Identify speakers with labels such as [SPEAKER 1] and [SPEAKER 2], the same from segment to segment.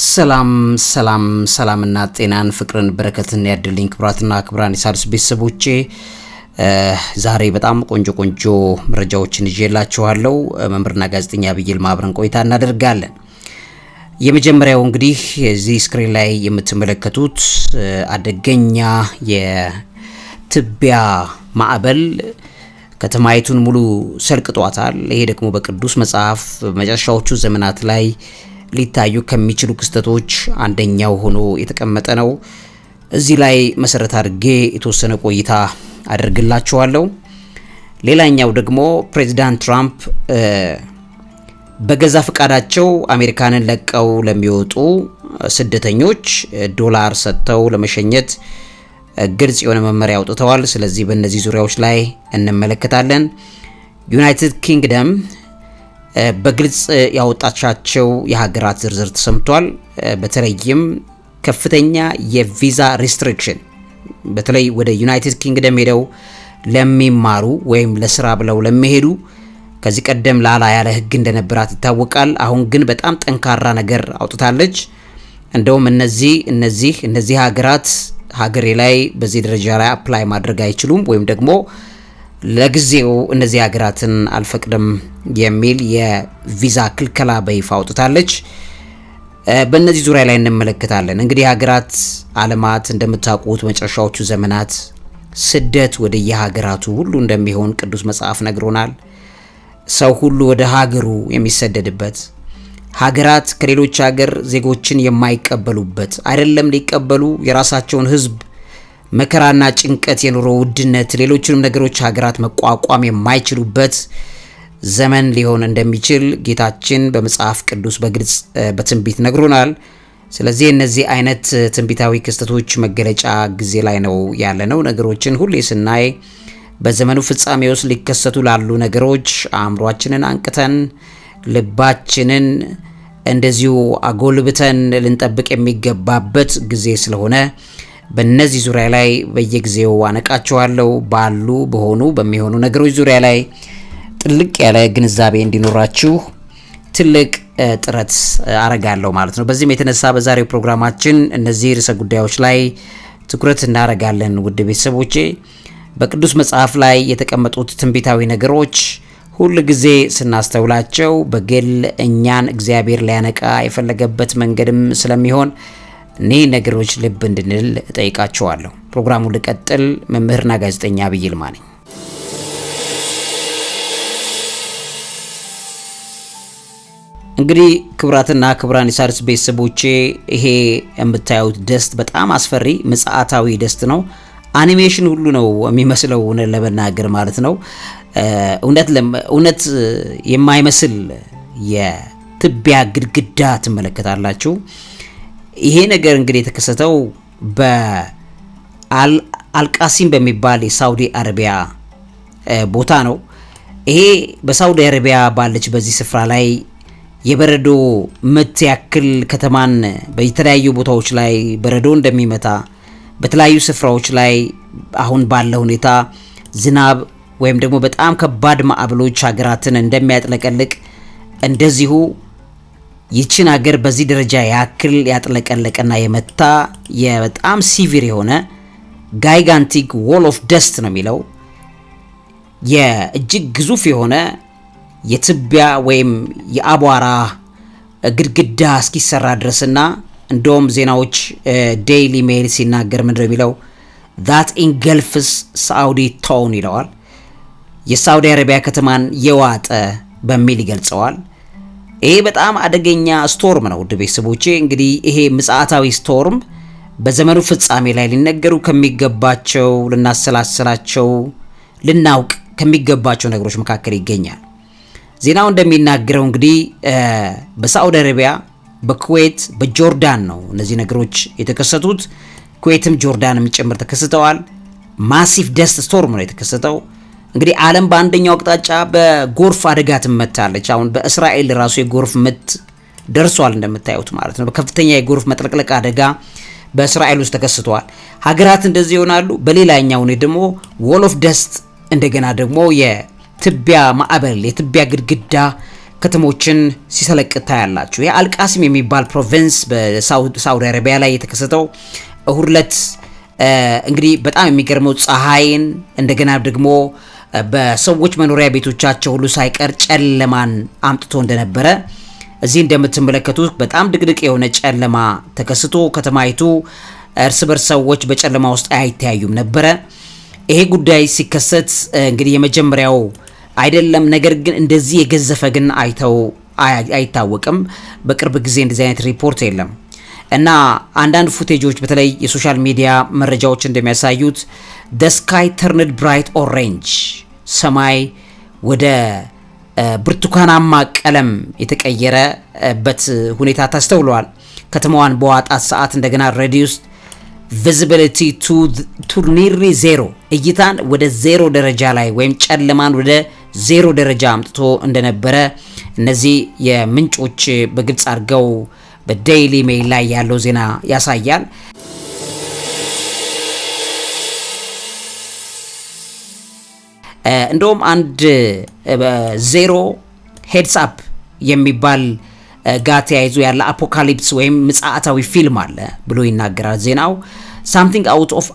[SPEAKER 1] ሰላም ሰላም ሰላምና ጤናን ፍቅርን በረከትን ያድልኝ ክብራትና ክብራን የሣድስ ቤተሰቦቼ ዛሬ በጣም ቆንጆ ቆንጆ መረጃዎችን ይዤላችኋለሁ። መምህርና ጋዜጠኛ ዐቢይ ይልማ አብረን ቆይታ እናደርጋለን። የመጀመሪያው እንግዲህ እዚህ ስክሪን ላይ የምትመለከቱት አደገኛ የትቢያ ማዕበል ከተማይቱን ሙሉ ሰልቅጧታል። ይሄ ደግሞ በቅዱስ መጽሐፍ መጨረሻዎቹ ዘመናት ላይ ሊታዩ ከሚችሉ ክስተቶች አንደኛው ሆኖ የተቀመጠ ነው። እዚህ ላይ መሰረት አድርጌ የተወሰነ ቆይታ አድርግላችኋለሁ። ሌላኛው ደግሞ ፕሬዚዳንት ትራምፕ በገዛ ፈቃዳቸው አሜሪካንን ለቀው ለሚወጡ ስደተኞች ዶላር ሰጥተው ለመሸኘት ግልጽ የሆነ መመሪያ አውጥተዋል። ስለዚህ በእነዚህ ዙሪያዎች ላይ እንመለከታለን። ዩናይትድ ኪንግደም በግልጽ ያወጣቻቸው የሀገራት ዝርዝር ተሰምቷል። በተለይም ከፍተኛ የቪዛ ሪስትሪክሽን በተለይ ወደ ዩናይትድ ኪንግደም ሄደው ለሚማሩ ወይም ለስራ ብለው ለሚሄዱ ከዚህ ቀደም ላላ ያለ ህግ እንደነበራት ይታወቃል። አሁን ግን በጣም ጠንካራ ነገር አውጥታለች። እንደውም እነዚህ እነዚህ እነዚህ ሀገራት ሀገሬ ላይ በዚህ ደረጃ ላይ አፕላይ ማድረግ አይችሉም ወይም ደግሞ ለጊዜው እነዚህ ሀገራትን አልፈቅድም የሚል የቪዛ ክልከላ በይፋ አውጥታለች። በእነዚህ ዙሪያ ላይ እንመለከታለን። እንግዲህ ሀገራት አለማት እንደምታውቁት መጨረሻዎቹ ዘመናት ስደት ወደ የሀገራቱ ሁሉ እንደሚሆን ቅዱስ መጽሐፍ ነግሮናል። ሰው ሁሉ ወደ ሀገሩ የሚሰደድበት ሀገራት ከሌሎች ሀገር ዜጎችን የማይቀበሉበት አይደለም ሊቀበሉ የራሳቸውን ሕዝብ መከራና ጭንቀት፣ የኑሮ ውድነት፣ ሌሎችንም ነገሮች ሀገራት መቋቋም የማይችሉበት ዘመን ሊሆን እንደሚችል ጌታችን በመጽሐፍ ቅዱስ በግልጽ በትንቢት ነግሮናል። ስለዚህ እነዚህ አይነት ትንቢታዊ ክስተቶች መገለጫ ጊዜ ላይ ነው ያለነው። ነገሮችን ሁሌ ስናይ በዘመኑ ፍጻሜ ውስጥ ሊከሰቱ ላሉ ነገሮች አእምሯችንን አንቅተን ልባችንን እንደዚሁ አጎልብተን ልንጠብቅ የሚገባበት ጊዜ ስለሆነ በእነዚህ ዙሪያ ላይ በየጊዜው አነቃችኋለሁ። ባሉ በሆኑ በሚሆኑ ነገሮች ዙሪያ ላይ ጥልቅ ያለ ግንዛቤ እንዲኖራችሁ ትልቅ ጥረት አረጋለሁ ማለት ነው። በዚህም የተነሳ በዛሬው ፕሮግራማችን እነዚህ ርዕሰ ጉዳዮች ላይ ትኩረት እናደርጋለን። ውድ ቤተሰቦቼ በቅዱስ መጽሐፍ ላይ የተቀመጡት ትንቢታዊ ነገሮች ሁል ጊዜ ስናስተውላቸው በግል እኛን እግዚአብሔር ሊያነቃ የፈለገበት መንገድም ስለሚሆን እኔ ነገሮች ልብ እንድንል እጠይቃቸዋለሁ። ፕሮግራሙ ልቀጥል። መምህርና ጋዜጠኛ ዐቢይ ይልማ ነኝ። እንግዲህ ክብራትና ክብራን የሣድስ ቤተሰቦቼ ይሄ የምታዩት ደስት በጣም አስፈሪ ምጽአታዊ ደስት ነው። አኒሜሽን ሁሉ ነው የሚመስለው እውነት ለመናገር ማለት ነው። እውነት የማይመስል የትቢያ ግድግዳ ትመለከታላችሁ። ይሄ ነገር እንግዲህ የተከሰተው በአልቃሲም በሚባል የሳውዲ አረቢያ ቦታ ነው። ይሄ በሳውዲ አረቢያ ባለች በዚህ ስፍራ ላይ የበረዶ ምት ያክል ከተማን በተለያዩ ቦታዎች ላይ በረዶ እንደሚመታ በተለያዩ ስፍራዎች ላይ አሁን ባለ ሁኔታ ዝናብ ወይም ደግሞ በጣም ከባድ ማዕበሎች ሀገራትን እንደሚያጥለቀልቅ እንደዚሁ ይችን ሀገር በዚህ ደረጃ ያክል ያጥለቀለቀና የመታ የበጣም ሲቪር የሆነ ጋይጋንቲክ ዎል ኦፍ ደስት ነው የሚለው የእጅግ ግዙፍ የሆነ የትቢያ ወይም የአቧራ ግድግዳ እስኪሰራ ድረስና እንደውም ዜናዎች ዴይሊ ሜይል ሲናገር ምንድ የሚለው ዛት ኢንገልፍስ ሳኡዲ ታውን ይለዋል። የሳውዲ አረቢያ ከተማን የዋጠ በሚል ይገልጸዋል። ይሄ በጣም አደገኛ ስቶርም ነው። ውድ ቤተሰቦቼ እንግዲህ ይሄ ምጽአታዊ ስቶርም በዘመኑ ፍጻሜ ላይ ሊነገሩ ከሚገባቸው ልናሰላስላቸው፣ ልናውቅ ከሚገባቸው ነገሮች መካከል ይገኛል። ዜናው እንደሚናገረው እንግዲህ በሳዑዲ አረቢያ፣ በኩዌት፣ በጆርዳን ነው እነዚህ ነገሮች የተከሰቱት። ኩዌትም ጆርዳንም ጭምር ተከስተዋል። ማሲፍ ደስት ስቶርም ነው የተከሰተው። እንግዲህ ዓለም በአንደኛው አቅጣጫ በጎርፍ አደጋ ትመታለች። አሁን በእስራኤል ራሱ የጎርፍ ምት ደርሷል እንደምታዩት ማለት ነው። በከፍተኛ የጎርፍ መጥለቅለቅ አደጋ በእስራኤል ውስጥ ተከስቷል። ሀገራት እንደዚህ ይሆናሉ። በሌላኛው ነው ደግሞ ዎል ኦፍ ደስት እንደገና ደግሞ የትቢያ ማዕበል የትቢያ ግድግዳ ከተሞችን ሲሰለቅታ ያላችሁ የአልቃሲም የሚባል ፕሮቪንስ በሳውዲ አረቢያ ላይ የተከሰተው እሁድ ዕለት እንግዲህ በጣም የሚገርመው ፀሐይን እንደገና ደግሞ በሰዎች መኖሪያ ቤቶቻቸው ሁሉ ሳይቀር ጨለማን አምጥቶ እንደነበረ እዚህ እንደምትመለከቱት በጣም ድቅድቅ የሆነ ጨለማ ተከስቶ ከተማይቱ እርስ በርስ ሰዎች በጨለማ ውስጥ አይተያዩም ነበረ። ይሄ ጉዳይ ሲከሰት እንግዲህ የመጀመሪያው አይደለም። ነገር ግን እንደዚህ የገዘፈ ግን አይተው አይታወቅም። በቅርብ ጊዜ እንደዚህ አይነት ሪፖርት የለም እና አንዳንድ ፉቴጆች በተለይ የሶሻል ሚዲያ መረጃዎች እንደሚያሳዩት ደስካይ ተርንድ ብራይት ኦሬንጅ ሰማይ ወደ ብርቱካናማ ቀለም የተቀየረበት ሁኔታ ታስተውለዋል። ከተማዋን በዋጣት ሰዓት እንደገና ሬዲዩስድ ቪዚቢሊቲ ቱ ኒርሊ ዜሮ እይታን ወደ ዜሮ ደረጃ ላይ ወይም ጨለማን ወደ ዜሮ ደረጃ አምጥቶ እንደነበረ እነዚህ የምንጮች በግልጽ አድርገው በዴይሊ ሜይል ላይ ያለው ዜና ያሳያል። እንደውም አንድ ዜሮ ሄድስ አፕ የሚባል ጋ ተያይዞ ያለ አፖካሊፕስ ወይም ምጽአታዊ ፊልም አለ ብሎ ይናገራል ዜናው። ሳምቲንግ አውት ኦፍ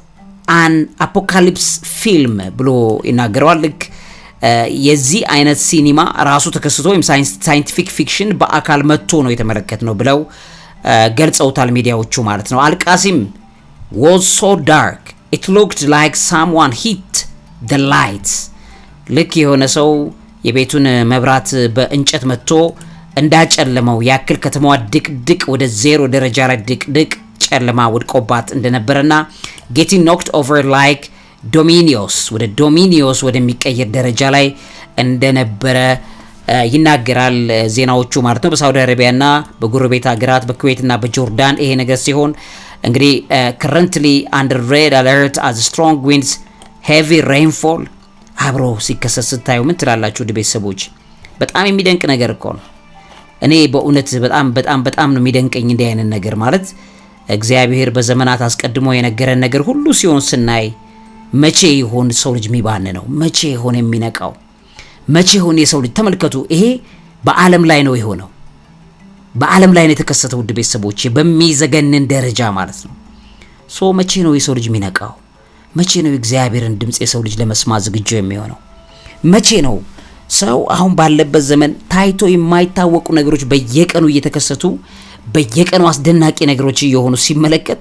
[SPEAKER 1] አን አፖካሊፕስ ፊልም ብሎ ይናገረዋል። ልክ የዚህ አይነት ሲኒማ ራሱ ተከስቶ ወይም ሳይንቲፊክ ፊክሽን በአካል መጥቶ ነው የተመለከት ነው ብለው ገልጸውታል ሚዲያዎቹ ማለት ነው። አልቃሲም ዋዝ ሶ ዳርክ ኢት ሉክድ ላይክ ሳምዋን ሂት ደ ላይትስ ልክ የሆነ ሰው የቤቱን መብራት በእንጨት መጥቶ እንዳጨለመው ያክል ከተማዋ ድቅድቅ ወደ ዜሮ ደረጃ ላይ ድቅድቅ ጨለማ ወድቆባት እንደነበረና ጌቲንግ ኖክድ ኦቨር ላይክ ዶሚኒዮስ ወደ ዶሚኒዮስ ወደሚቀየር ደረጃ ላይ እንደነበረ ይናገራል ዜናዎቹ ማለት ነው። በሳውዲ አረቢያና በጎረቤት ሀገራት በኩዌትና በጆርዳን ይሄ ነገር ሲሆን እንግዲህ ከረንትሊ አንደር ሬድ አለርት አዝ ስትሮንግ ዊንድስ ሄቪ ሬንፎል አብሮ ሲከሰት ስታዩ ምን ትላላችሁ? ውድ ቤተሰቦች በጣም የሚደንቅ ነገር እኮ ነው። እኔ በእውነት በጣም በጣም በጣም ነው የሚደንቀኝ እንዲህ አይነት ነገር ማለት እግዚአብሔር በዘመናት አስቀድሞ የነገረን ነገር ሁሉ ሲሆን ስናይ መቼ ይሆን ሰው ልጅ የሚባን ነው? መቼ ይሆን የሚነቃው? መቼ ይሆን የሰው ልጅ? ተመልከቱ፣ ይሄ በዓለም ላይ ነው የሆነው። በዓለም ላይ ነው የተከሰተው። ውድ ቤተሰቦቼ በሚዘገንን ደረጃ ማለት ነው። ሶ መቼ ነው የሰው ልጅ የሚነቃው? መቼ ነው የእግዚአብሔርን ድምፅ የሰው ልጅ ለመስማት ዝግጁ የሚሆነው? መቼ ነው ሰው አሁን ባለበት ዘመን ታይቶ የማይታወቁ ነገሮች በየቀኑ እየተከሰቱ በየቀኑ አስደናቂ ነገሮች እየሆኑ ሲመለከት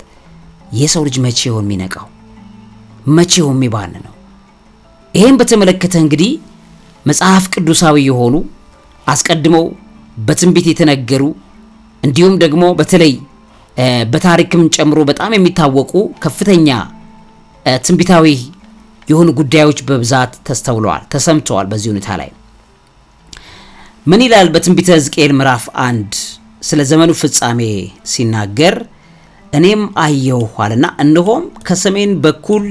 [SPEAKER 1] የሰው ልጅ መቼ ሆን የሚነቃው? መቼ ሆን የሚባል ነው? ይህም በተመለከተ እንግዲህ መጽሐፍ ቅዱሳዊ የሆኑ አስቀድመው በትንቢት የተነገሩ እንዲሁም ደግሞ በተለይ በታሪክም ጨምሮ በጣም የሚታወቁ ከፍተኛ ትንቢታዊ የሆኑ ጉዳዮች በብዛት ተስተውለዋል፣ ተሰምተዋል። በዚህ ሁኔታ ላይ ምን ይላል? በትንቢተ ሕዝቅኤል ምዕራፍ አንድ ስለ ዘመኑ ፍጻሜ ሲናገር እኔም አየሁ አለና እነሆም ከሰሜን በኩል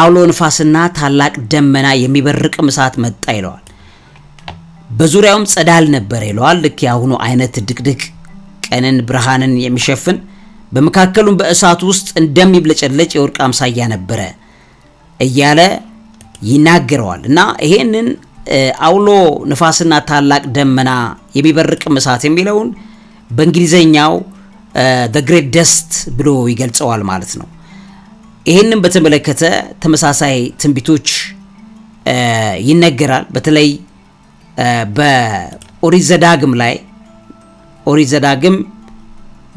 [SPEAKER 1] አውሎ ንፋስና ታላቅ ደመና የሚበርቅም እሳት መጣ ይለዋል። በዙሪያውም ጸዳል ነበር ይለዋል። ልክ የአሁኑ አይነት ድቅድቅ ቀንን ብርሃንን የሚሸፍን በመካከሉም በእሳት ውስጥ እንደሚብለጨለጭ የወርቅ አምሳያ ነበረ እያለ ይናገረዋል እና ይሄንን አውሎ ንፋስና ታላቅ ደመና የሚበርቅም እሳት የሚለውን በእንግሊዘኛው ዘ ግሬት ደስት ብሎ ይገልጸዋል ማለት ነው። ይሄንን በተመለከተ ተመሳሳይ ትንቢቶች ይነገራል። በተለይ በኦሪት ዘዳግም ላይ ኦሪት ዘዳግም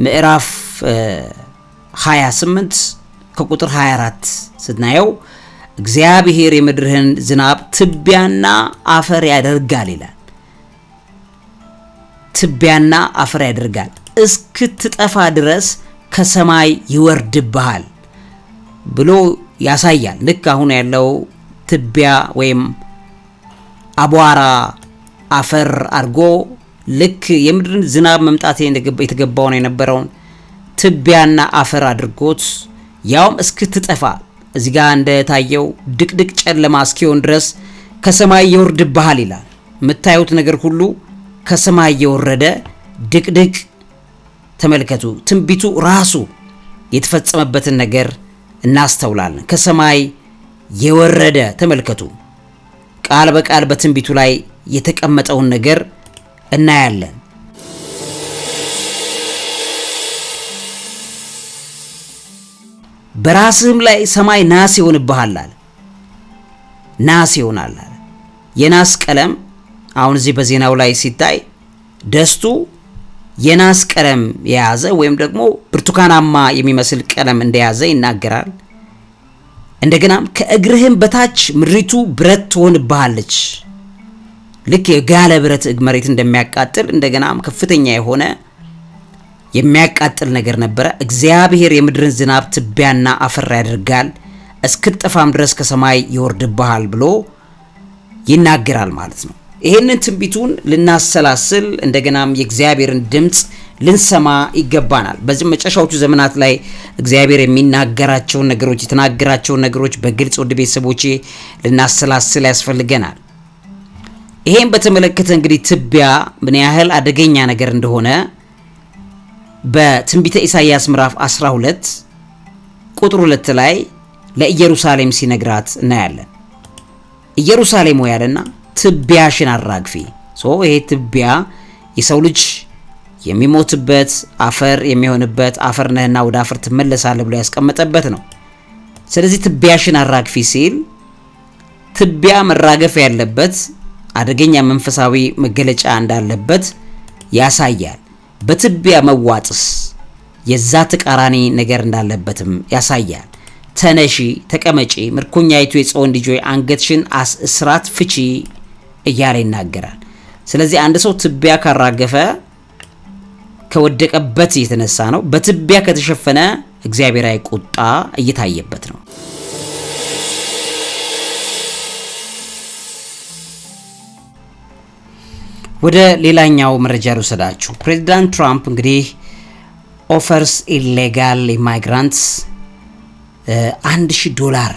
[SPEAKER 1] ምዕራፍ 28 ከቁጥር 24 ስናየው እግዚአብሔር የምድርህን ዝናብ ትቢያና አፈር ያደርጋል ይላል። ትቢያና አፈር ያደርጋል እስክትጠፋ ድረስ ከሰማይ ይወርድብሃል ብሎ ያሳያል። ልክ አሁን ያለው ትቢያ ወይም አቧራ አፈር አድርጎ ልክ የምድርን ዝናብ መምጣት የተገባውን የነበረውን ትቢያና አፈር አድርጎት ያውም እስክትጠፋ እዚህ ጋር እንደታየው ድቅድቅ ጨለማ እስኪሆን ድረስ ከሰማይ ይወርድብሃል ይላል። የምታዩት ነገር ሁሉ ከሰማይ የወረደ ድቅድቅ ተመልከቱ። ትንቢቱ ራሱ የተፈጸመበትን ነገር እናስተውላለን። ከሰማይ የወረደ ተመልከቱ። ቃል በቃል በትንቢቱ ላይ የተቀመጠውን ነገር እናያለን። በራስህም ላይ ሰማይ ናስ ይሆንብሃል አለ። ናስ ይሆናል አለ። የናስ ቀለም አሁን እዚህ በዜናው ላይ ሲታይ ደስቱ የናስ ቀለም የያዘ ወይም ደግሞ ብርቱካናማ የሚመስል ቀለም እንደያዘ ይናገራል። እንደገናም ከእግርህም በታች ምድሪቱ ብረት ትሆንብሃለች። ልክ የጋለ ብረት መሬት እንደሚያቃጥል እንደገናም ከፍተኛ የሆነ የሚያቃጥል ነገር ነበረ። እግዚአብሔር የምድርን ዝናብ ትቢያና አፈር ያደርጋል፣ እስክትጠፋም ድረስ ከሰማይ ይወርድብሃል ብሎ ይናገራል ማለት ነው። ይህንን ትንቢቱን ልናሰላስል እንደገናም የእግዚአብሔርን ድምፅ ልንሰማ ይገባናል። በዚህ መጨረሻዎቹ ዘመናት ላይ እግዚአብሔር የሚናገራቸውን ነገሮች የተናገራቸውን ነገሮች በግልጽ ወደ ቤተሰቦቼ ልናሰላስል ያስፈልገናል። ይሄን በተመለከተ እንግዲህ ትቢያ ምን ያህል አደገኛ ነገር እንደሆነ በትንቢተ ኢሳይያስ ምዕራፍ 12 ቁጥር 2 ላይ ለኢየሩሳሌም ሲነግራት እናያለን። ኢየሩሳሌም ሆይ አለና ትቢያሽን አራግፊ። ይሄ ትቢያ የሰው ልጅ የሚሞትበት አፈር የሚሆንበት አፈር ነህና ወደ አፈር ትመለሳለህ ብሎ ያስቀመጠበት ነው። ስለዚህ ትቢያሽን አራግፊ ሲል ትቢያ መራገፍ ያለበት አደገኛ መንፈሳዊ መገለጫ እንዳለበት ያሳያል። በትቢያ መዋጥስ የዛ ተቃራኒ ነገር እንዳለበትም ያሳያል። ተነሺ፣ ተቀመጪ፣ ምርኮኛይቱ የጽዮን ልጅ ሆይ አንገትሽን እስራት ፍቺ እያለ ይናገራል። ስለዚህ አንድ ሰው ትቢያ ካራገፈ ከወደቀበት የተነሳ ነው። በትቢያ ከተሸፈነ እግዚአብሔራዊ ቁጣ እየታየበት ነው። ወደ ሌላኛው መረጃ ልውሰዳችሁ። ፕሬዚዳንት ትራምፕ እንግዲህ ኦፈርስ ኢሌጋል ኢማይግራንትስ አንድ ዶላር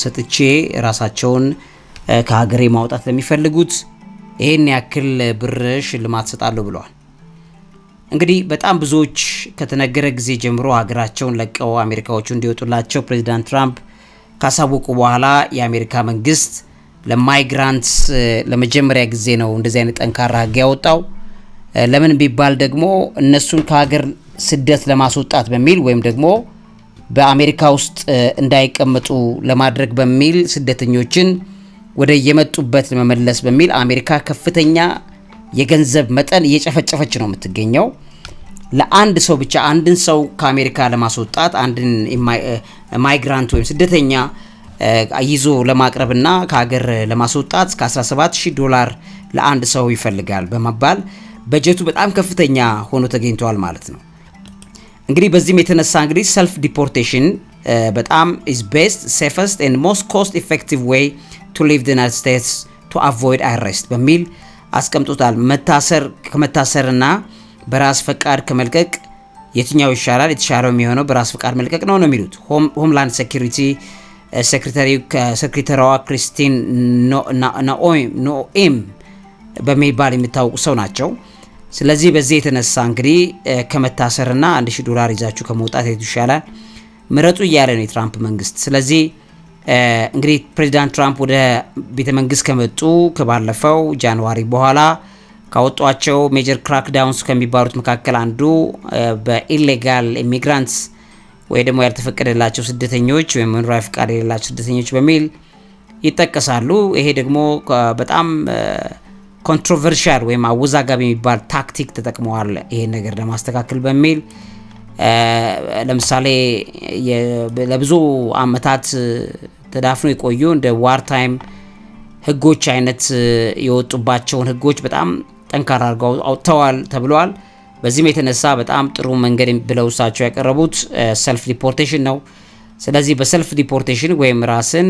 [SPEAKER 1] ሰጥቼ ራሳቸውን ከሀገሬ ማውጣት ለሚፈልጉት ይህን ያክል ብር ሽልማት ሰጣለሁ ብለዋል። እንግዲህ በጣም ብዙዎች ከተነገረ ጊዜ ጀምሮ ሀገራቸውን ለቀው አሜሪካዎቹ እንዲወጡላቸው ፕሬዚዳንት ትራምፕ ካሳወቁ በኋላ የአሜሪካ መንግስት ለማይግራንትስ ለመጀመሪያ ጊዜ ነው እንደዚህ አይነት ጠንካራ ህግ ያወጣው። ለምን ቢባል ደግሞ እነሱን ከሀገር ስደት ለማስወጣት በሚል ወይም ደግሞ በአሜሪካ ውስጥ እንዳይቀመጡ ለማድረግ በሚል ስደተኞችን ወደ የመጡበት ለመመለስ በሚል አሜሪካ ከፍተኛ የገንዘብ መጠን እየጨፈጨፈች ነው የምትገኘው። ለአንድ ሰው ብቻ አንድን ሰው ከአሜሪካ ለማስወጣት አንድን ማይግራንት ወይም ስደተኛ ይዞ ለማቅረብና ከሀገር ለማስወጣት ከ17000 ዶላር ለአንድ ሰው ይፈልጋል በመባል በጀቱ በጣም ከፍተኛ ሆኖ ተገኝቷል ማለት ነው። እንግዲህ በዚህም የተነሳ እንግዲህ ሰልፍ ዲፖርቴሽን በጣም ኢዝ ቤስት ሴፈስት ኤንድ ሞስት ኮስት ኢፌክቲቭ ዌይ ቱ ሊቭ ዩናይትድ ስቴትስ ቱ አቮይድ አረስት በሚል አስቀምጦታል። መታሰር ከመታሰርና በራስ ፈቃድ ከመልቀቅ የትኛው ይሻላል? የተሻለው የሚሆነው በራስ ፈቃድ መልቀቅ ነው ነው የሚሉት ሆምላንድ ሴኩሪቲ ሴክሬታሪዋ ክሪስቲን ኖኤም በሚባል የሚታወቁ ሰው ናቸው። ስለዚህ በዚህ የተነሳ እንግዲህ ከመታሰርና አንድ ሺ ዶላር ይዛችሁ ከመውጣት የቱ ይሻላል ምረጡ እያለ ነው የትራምፕ መንግስት። ስለዚህ እንግዲህ ፕሬዚዳንት ትራምፕ ወደ ቤተ መንግስት ከመጡ ከባለፈው ጃንዋሪ በኋላ ካወጧቸው ሜጀር ክራክዳውንስ ከሚባሉት መካከል አንዱ በኢሌጋል ኢሚግራንትስ ወይ ደግሞ ያልተፈቀደላቸው ስደተኞች ወይም መኖሪያ ፍቃድ የሌላቸው ስደተኞች በሚል ይጠቀሳሉ። ይሄ ደግሞ በጣም ኮንትሮቨርሻል ወይም አወዛጋቢ የሚባል ታክቲክ ተጠቅመዋል። ይሄን ነገር ለማስተካከል በሚል ለምሳሌ ለብዙ አመታት ተዳፍኖ የቆዩ እንደ ዋር ታይም ህጎች አይነት የወጡባቸውን ህጎች በጣም ጠንካራ አድርገው አውጥተዋል ተብለዋል። በዚህም የተነሳ በጣም ጥሩ መንገድ ብለው እሳቸው ያቀረቡት ሰልፍ ዲፖርቴሽን ነው። ስለዚህ በሰልፍ ዲፖርቴሽን ወይም ራስን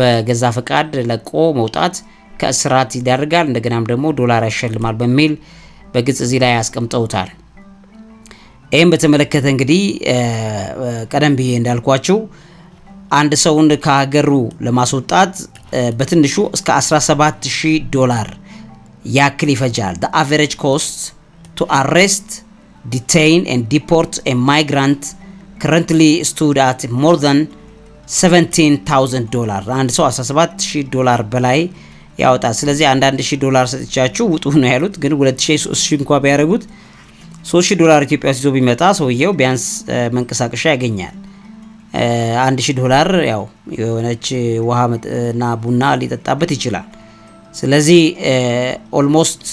[SPEAKER 1] በገዛ ፈቃድ ለቆ መውጣት ከእስራት ይዳርጋል፣ እንደገናም ደግሞ ዶላር ያሸልማል በሚል በግልጽ እዚህ ላይ አስቀምጠውታል ይህም በተመለከተ እንግዲህ ቀደም ብዬ እንዳልኳችሁ አንድ ሰውን ከሀገሩ ለማስወጣት በትንሹ እስከ 17000 ዶላር ያክል ይፈጃል። አቨሬጅ ኮስት to arrest, detain, and deport a migrant currently stood at more than 17,000 ዶላር አንድ ሰው 17000 ዶላር በላይ ያወጣል። ስለዚህ አንዳንድ ሺህ ዶላር ሰጥቻችሁ ውጡ ነው ያሉት። ግን 2000 3000 እንኳ ቢያደርጉት 3000 ዶላር ኢትዮጵያ ውስጥ ይዞ ቢመጣ ሰውየው ቢያንስ መንቀሳቀሻ ያገኛል። አንድ ሺህ ዶላር ያው የሆነች ውሃ እና ቡና ሊጠጣበት ይችላል። ስለዚህ ኦልሞስት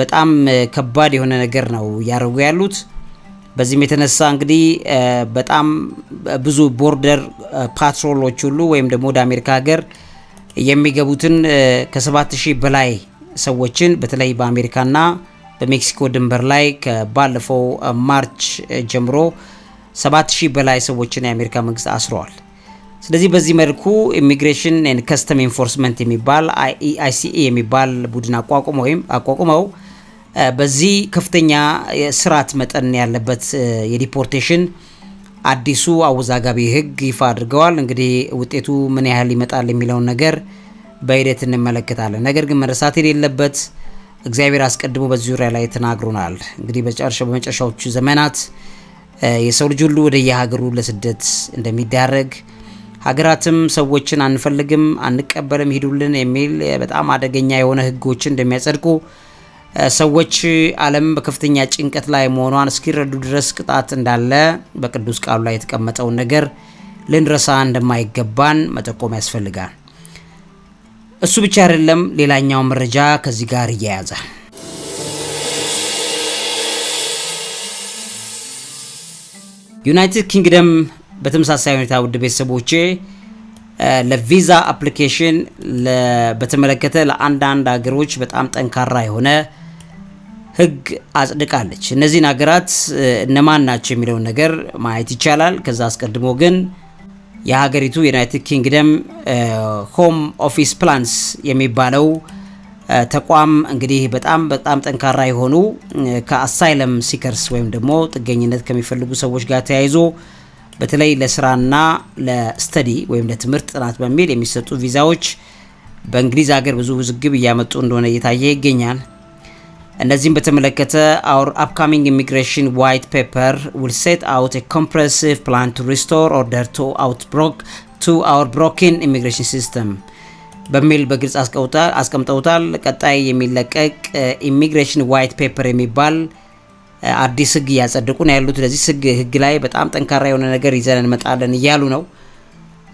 [SPEAKER 1] በጣም ከባድ የሆነ ነገር ነው እያደረጉ ያሉት። በዚህም የተነሳ እንግዲህ በጣም ብዙ ቦርደር ፓትሮሎች ሁሉ ወይም ደግሞ ወደ አሜሪካ ሀገር የሚገቡትን ከ7000 በላይ ሰዎችን በተለይ በአሜሪካና በሜክሲኮ ድንበር ላይ ከባለፈው ማርች ጀምሮ 7000 በላይ ሰዎችን የአሜሪካ መንግስት አስረዋል። ስለዚህ በዚህ መልኩ ኢሚግሬሽን ን ከስተም ኢንፎርስመንት የሚባል አይሲኤ የሚባል ቡድን አቋቁመው ወይም አቋቁመው በዚህ ከፍተኛ የስርዓት መጠን ያለበት የዲፖርቴሽን አዲሱ አወዛጋቢ ህግ ይፋ አድርገዋል። እንግዲህ ውጤቱ ምን ያህል ይመጣል የሚለውን ነገር በሂደት እንመለከታለን። ነገር ግን መረሳት የሌለበት እግዚአብሔር አስቀድሞ በዚህ ዙሪያ ላይ ተናግሮናል። እንግዲህ በመጨረሻዎቹ ዘመናት የሰው ልጅ ሁሉ ወደ የሀገሩ ለስደት እንደሚዳረግ ሀገራትም ሰዎችን አንፈልግም፣ አንቀበልም፣ ሂዱልን የሚል በጣም አደገኛ የሆነ ህጎችን እንደሚያጸድቁ ሰዎች ዓለም በከፍተኛ ጭንቀት ላይ መሆኗን እስኪረዱ ድረስ ቅጣት እንዳለ በቅዱስ ቃሉ ላይ የተቀመጠውን ነገር ልንረሳ እንደማይገባን መጠቆም ያስፈልጋል። እሱ ብቻ አይደለም፣ ሌላኛው መረጃ ከዚህ ጋር እያያዛል። ዩናይትድ ኪንግደም በተመሳሳይ ሁኔታ ውድ ቤተሰቦቼ Uh, ለቪዛ አፕሊኬሽን በተመለከተ ለአንዳንድ ሀገሮች በጣም ጠንካራ የሆነ ህግ አጽድቃለች። እነዚህን ሀገራት uh, እነማን ናቸው የሚለውን ነገር ማየት ይቻላል። ከዛ አስቀድሞ ግን የሀገሪቱ የዩናይትድ ኪንግደም ሆም ኦፊስ ፕላንስ የሚባለው uh, ተቋም እንግዲህ በጣም በጣም ጠንካራ የሆኑ ከአሳይለም ሲከርስ ወይም ደግሞ ጥገኝነት ከሚፈልጉ ሰዎች ጋር ተያይዞ በተለይ ለስራና ለስተዲ ወይም ለትምህርት ጥናት በሚል የሚሰጡ ቪዛዎች በእንግሊዝ ሀገር ብዙ ውዝግብ እያመጡ እንደሆነ እየታየ ይገኛል። እነዚህም በተመለከተ አውር አፕካሚንግ ኢሚግሬሽን ዋይት ፔፐር ዊል ሴት አውት ኤ ኮምፕሬንሲቭ ፕላን ቱ ሪስቶር ኦርደር ቱ አውት ብሮክ ቱ አውር ብሮኪን ኢሚግሬሽን ሲስተም በሚል በግልጽ አስቀምጠውታል። ቀጣይ የሚለቀቅ ኢሚግሬሽን ዋይት ፔፐር የሚባል አዲስ ህግ እያጸድቁ ነው ያሉት። ለዚህ ህግ ላይ በጣም ጠንካራ የሆነ ነገር ይዘን እንመጣለን እያሉ ነው።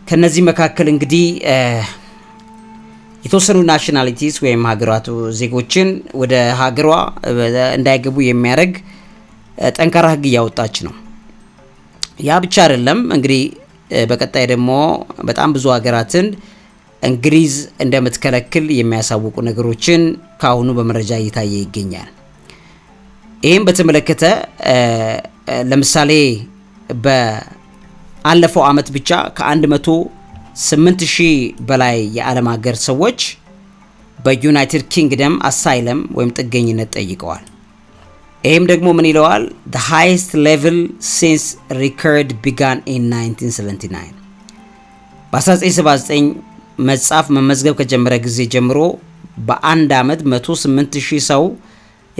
[SPEAKER 1] ከነዚህ መካከል እንግዲህ የተወሰኑ ናሽናሊቲስ ወይም ሀገራቱ ዜጎችን ወደ ሀገሯ እንዳይገቡ የሚያደርግ ጠንካራ ህግ እያወጣች ነው። ያ ብቻ አይደለም እንግዲህ በቀጣይ ደግሞ በጣም ብዙ ሀገራትን እንግሊዝ እንደምትከለክል የሚያሳውቁ ነገሮችን ከአሁኑ በመረጃ እየታየ ይገኛል። ይህም በተመለከተ ለምሳሌ በአለፈው ዓመት ብቻ ከ108 ሺህ በላይ የዓለም ሀገር ሰዎች በዩናይትድ ኪንግደም አሳይለም ወይም ጥገኝነት ጠይቀዋል። ይህም ደግሞ ምን ይለዋል? the highest level since record began in 1979 በ1979 መጻፍ መመዝገብ ከጀመረ ጊዜ ጀምሮ በአንድ ዓመት 108 ሺህ ሰው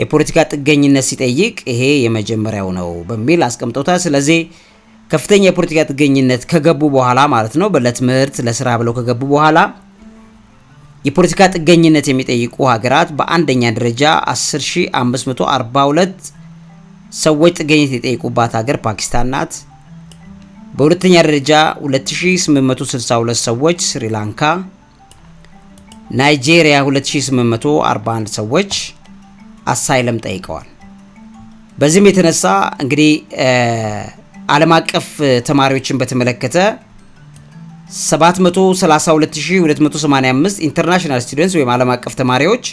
[SPEAKER 1] የፖለቲካ ጥገኝነት ሲጠይቅ ይሄ የመጀመሪያው ነው በሚል አስቀምጦታል። ስለዚህ ከፍተኛ የፖለቲካ ጥገኝነት ከገቡ በኋላ ማለት ነው ለትምህርት ለስራ ብለው ከገቡ በኋላ የፖለቲካ ጥገኝነት የሚጠይቁ ሀገራት በአንደኛ ደረጃ 10542 ሰዎች ጥገኝነት የጠየቁባት ሀገር ፓኪስታን ናት። በሁለተኛ ደረጃ 2862 ሰዎች ስሪላንካ፣ ናይጄሪያ 2841 ሰዎች አሳይለም ጠይቀዋል። በዚህም የተነሳ እንግዲህ ዓለም አቀፍ ተማሪዎችን በተመለከተ 732285 ኢንተርናሽናል ስቱደንትስ ወይም ዓለም አቀፍ ተማሪዎች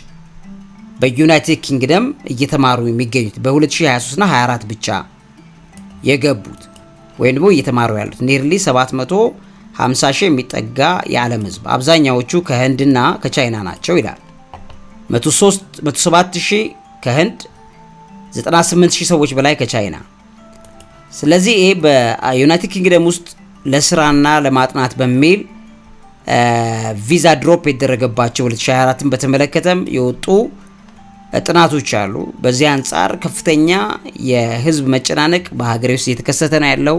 [SPEAKER 1] በዩናይትድ ኪንግደም እየተማሩ የሚገኙት በ2023 እና 24 ብቻ የገቡት ወይም ደግሞ እየተማሩ ያሉት ኒርሊ 750 ሺህ የሚጠጋ የዓለም ሕዝብ አብዛኛዎቹ ከህንድና ከቻይና ናቸው ይላል። 107 ሺህ ከህንድ 98000 ሰዎች በላይ ከቻይና። ስለዚህ ይሄ በዩናይትድ ኪንግደም ውስጥ ለስራና ለማጥናት በሚል ቪዛ ድሮፕ የተደረገባቸው 2024ን በተመለከተም የወጡ ጥናቶች አሉ። በዚህ አንጻር ከፍተኛ የህዝብ መጨናነቅ በሀገሬ ውስጥ እየተከሰተ ነው ያለው።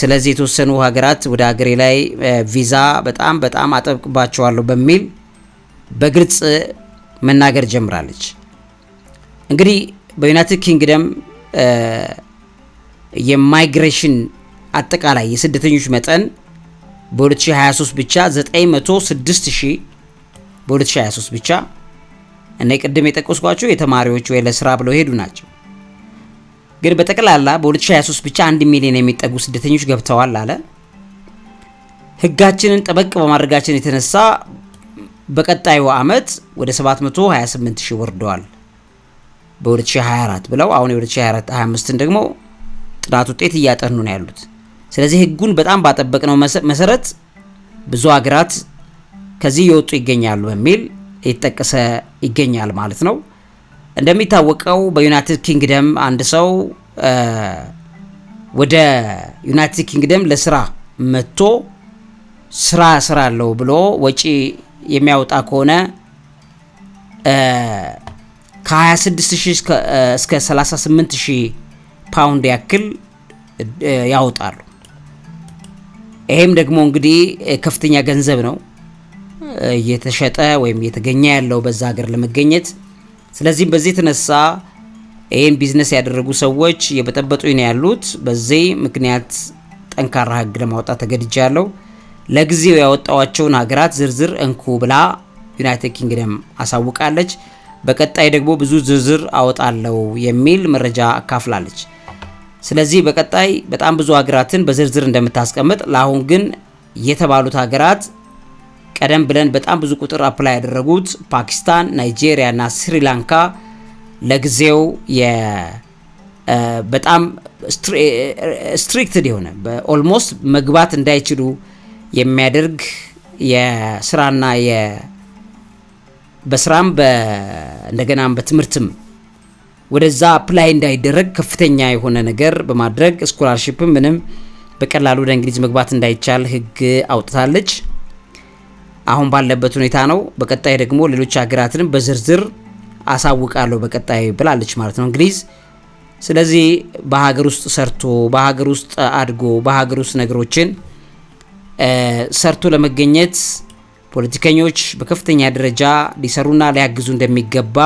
[SPEAKER 1] ስለዚህ የተወሰኑ ሀገራት ወደ ሀገሬ ላይ ቪዛ በጣም በጣም አጠብቅባቸዋለሁ በሚል በግልጽ መናገር ጀምራለች። እንግዲህ በዩናይትድ ኪንግደም የማይግሬሽን አጠቃላይ የስደተኞች መጠን በ2023 ብቻ 906 በ2023 ብቻ እና ቅድም የጠቀስኳቸው የተማሪዎች ወይ ለስራ ብለው ሄዱ ናቸው። ግን በጠቅላላ በ2023 ብቻ 1 ሚሊዮን የሚጠጉ ስደተኞች ገብተዋል አለ። ህጋችንን ጠበቅ በማድረጋችን የተነሳ በቀጣዩ አመት ወደ 728 ሺህ ወርደዋል በ2024 ብለው አሁን የ2024 25ን ደግሞ ጥናት ውጤት እያጠኑ ነው ያሉት። ስለዚህ ህጉን በጣም ባጠበቅ ነው መሰረት ብዙ ሀገራት ከዚህ የወጡ ይገኛሉ በሚል የተጠቀሰ ይገኛል ማለት ነው። እንደሚታወቀው በዩናይትድ ኪንግደም አንድ ሰው ወደ ዩናይትድ ኪንግደም ለስራ መጥቶ ስራ ስራ አለው ብሎ ወጪ የሚያወጣ ከሆነ ከ26000 እስከ 38000 ፓውንድ ያክል ያወጣሉ። ይሄም ደግሞ እንግዲህ ከፍተኛ ገንዘብ ነው እየተሸጠ ወይም እየተገኘ ያለው በዛ ሀገር ለመገኘት ስለዚህም በዚህ የተነሳ ይህን ቢዝነስ ያደረጉ ሰዎች የበጠበጡኝ ነው ያሉት። በዚህ ምክንያት ጠንካራ ህግ ለማውጣት ተገድጃለሁ። ለጊዜው ያወጣዋቸውን ሀገራት ዝርዝር እንኩ ብላ ዩናይትድ ኪንግደም አሳውቃለች። በቀጣይ ደግሞ ብዙ ዝርዝር አወጣለው የሚል መረጃ አካፍላለች። ስለዚህ በቀጣይ በጣም ብዙ ሀገራትን በዝርዝር እንደምታስቀምጥ፣ ለአሁን ግን የተባሉት ሀገራት ቀደም ብለን በጣም ብዙ ቁጥር አፕላይ ያደረጉት ፓኪስታን፣ ናይጄሪያ እና ስሪላንካ ለጊዜው በጣም ስትሪክትድ የሆነ ኦልሞስት መግባት እንዳይችሉ የሚያደርግ የስራና በስራም እንደገናም በትምህርትም ወደዛ አፕላይ እንዳይደረግ ከፍተኛ የሆነ ነገር በማድረግ ስኮላርሽፕ ምንም በቀላሉ ወደ እንግሊዝ መግባት እንዳይቻል ህግ አውጥታለች። አሁን ባለበት ሁኔታ ነው። በቀጣይ ደግሞ ሌሎች ሀገራትንም በዝርዝር አሳውቃለሁ በቀጣይ ብላለች ማለት ነው እንግሊዝ። ስለዚህ በሀገር ውስጥ ሰርቶ በሀገር ውስጥ አድጎ በሀገር ውስጥ ነገሮችን ሰርቶ ለመገኘት ፖለቲከኞች በከፍተኛ ደረጃ ሊሰሩና ሊያግዙ እንደሚገባ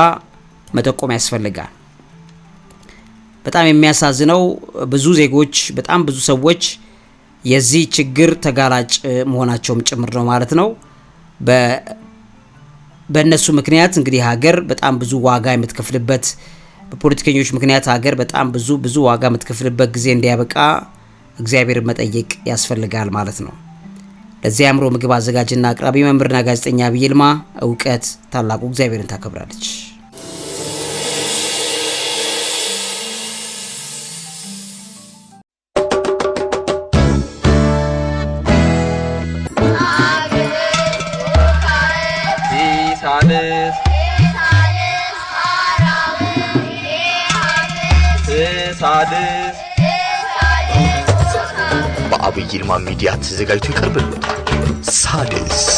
[SPEAKER 1] መጠቆም ያስፈልጋል። በጣም የሚያሳዝነው ብዙ ዜጎች በጣም ብዙ ሰዎች የዚህ ችግር ተጋላጭ መሆናቸውም ጭምር ነው ማለት ነው። በእነሱ ምክንያት እንግዲህ ሀገር በጣም ብዙ ዋጋ የምትከፍልበት በፖለቲከኞች ምክንያት ሀገር በጣም ብዙ ብዙ ዋጋ የምትከፍልበት ጊዜ እንዲያበቃ እግዚአብሔር መጠየቅ ያስፈልጋል ማለት ነው። ለዚህ አእምሮ ምግብ አዘጋጅና አቅራቢ መምህርና ጋዜጠኛ ዐቢይ ይልማ እውቀት ታላቁ እግዚአብሔርን ታከብራለች። ሚዲያ ተዘጋጅቶ ይቀርብልዎታል። ሳድስ